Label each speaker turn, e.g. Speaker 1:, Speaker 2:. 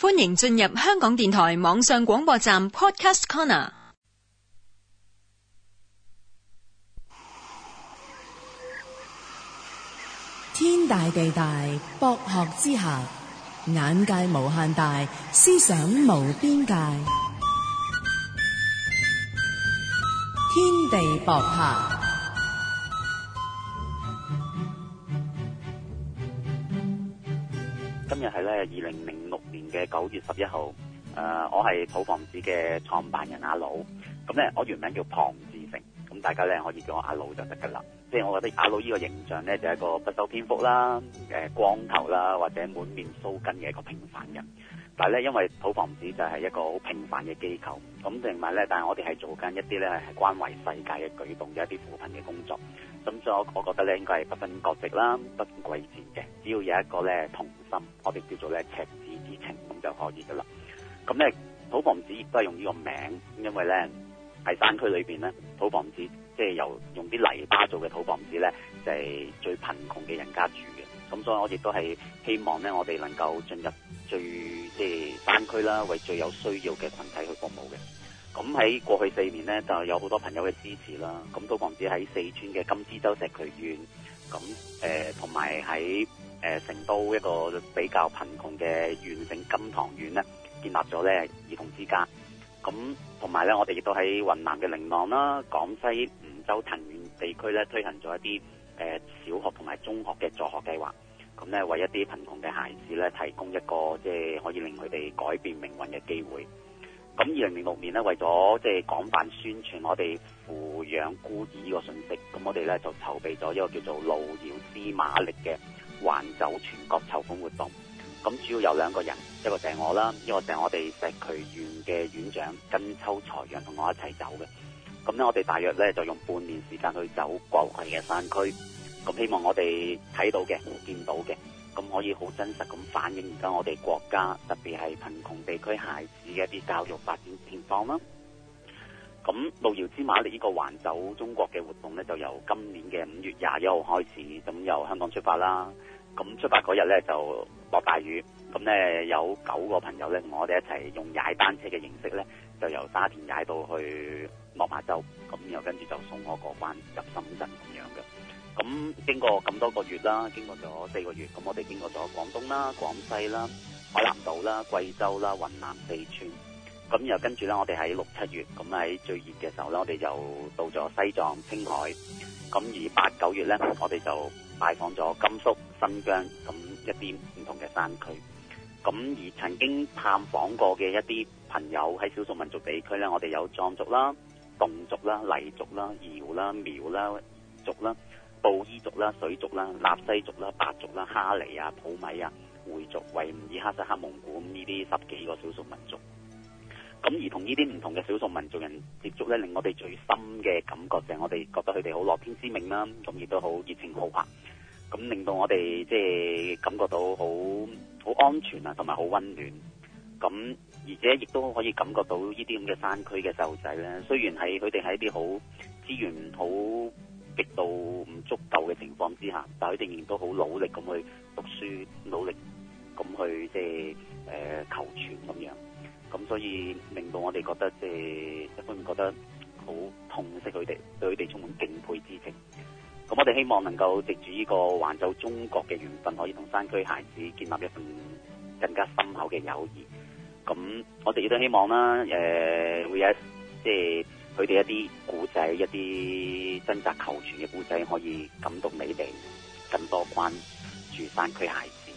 Speaker 1: 歡迎進入香港電台網上廣播站 Podcast Corner。天大地大，博學之下；眼界無限大，思想無邊界。天地博客，今日係咧二零零六。嘅九月十一號，誒、呃，我係土房子嘅創辦人阿佬，咁咧我原名叫龐志成，咁大家咧可以叫我阿佬就得噶啦。即係我覺得阿佬呢個形象咧就係、是、一個不修邊幅啦，誒、呃、光頭啦，或者滿面鬚根嘅一個平凡人。但係咧，因為土房子就係一個好平凡嘅機構，咁同埋咧，但係我哋係做緊一啲咧係關懷世界嘅舉動，就是、一啲扶貧嘅工作。咁、嗯、所以我覺得咧應該係不分國籍啦、不分貴賤嘅，只要有一個咧同心，我哋叫做咧赤子之情咁就可以噶啦。咁咧土房子亦都係用呢個名，因為咧喺山區裏邊咧，土房子即係由用啲泥巴做嘅土房子咧，即、就、係、是、最貧窮嘅人家住嘅。咁所以我亦都係希望咧，我哋能夠進入最即係山區啦，為最有需要嘅羣體去服務嘅。咁喺過去四年咧，就有好多朋友嘅支持啦。咁都防止喺四川嘅甘孜州石渠縣，咁誒同埋喺誒成都一個比較貧窮嘅縣城金堂縣咧，建立咗咧兒童之家。咁同埋咧，我哋亦都喺雲南嘅寧蒗啦、廣西梧州藤縣地區咧推行咗一啲誒、呃、小學同埋中學嘅助學計劃。咁咧為一啲貧窮嘅孩子咧提供一個即係可以令佢哋改變命運嘅機會。咁二零零六年咧，為咗即係廣泛宣傳我哋扶養孤兒呢個信息，咁我哋咧就籌備咗一個叫做路遙知馬力嘅環走全國籌款活動。咁主要有兩個人，一個就係我啦，一個就係我哋石渠縣嘅縣長金秋才陽同我一齊走嘅。咁咧，我哋大約咧就用半年時間去走過我哋嘅山區。咁希望我哋睇到嘅、見到嘅，咁可以好真實咁反映而家我哋國家特別係貧窮地區孩子嘅一啲教育發展情況啦。咁路遙知馬力呢個環走中國嘅活動咧，就由今年嘅五月廿一號開始，咁由香港出發啦。咁出發嗰日咧，就落大雨，咁咧有九個朋友咧同我哋一齊用踩單車嘅形式咧，就由沙田踩到去落馬洲，咁又跟住就送我過關入深圳咁樣嘅。咁經過咁多個月啦，經過咗四個月，咁我哋經過咗廣東啦、廣西啦、海南島啦、貴州啦、雲南、四川。咁又跟住咧，我哋喺六七月，咁喺最熱嘅時候咧，我哋就到咗西藏、青海。咁而八九月咧，我哋就拜訪咗甘肅、新疆咁一啲唔同嘅山區。咁而曾經探訪過嘅一啲朋友喺少數民族地區咧，我哋有藏族啦、侗族啦、黎族啦、瑤啦、苗啦族啦。布依族啦、水族啦、納西族啦、白族啦、哈尼啊、普米啊、回族，維吾爾哈薩克蒙古呢、啊、啲十幾個少數民族。咁而同呢啲唔同嘅少數民族人接觸咧，令我哋最深嘅感覺就係我哋覺得佢哋好樂天知命啦，咁亦都好熱情好客，咁令到我哋即係感覺到好好安全啊，同埋好溫暖。咁而且亦都可以感覺到這這呢啲咁嘅山區嘅細路仔咧，雖然係佢哋喺啲好資源唔好。但係佢仍然都好努力咁去讀書，努力咁去即係誒求存咁樣，咁所以令到我哋覺得即係一般覺得好痛惜佢哋，對佢哋充滿敬佩之情。咁我哋希望能夠藉住呢個環遊中國嘅緣分，可以同山區孩子建立一份更加深厚嘅友誼。咁我哋亦都希望啦，誒，會有一即係。佢哋一啲古仔，一啲掙扎求存嘅故仔，可以感動你哋，更多關注山區孩子。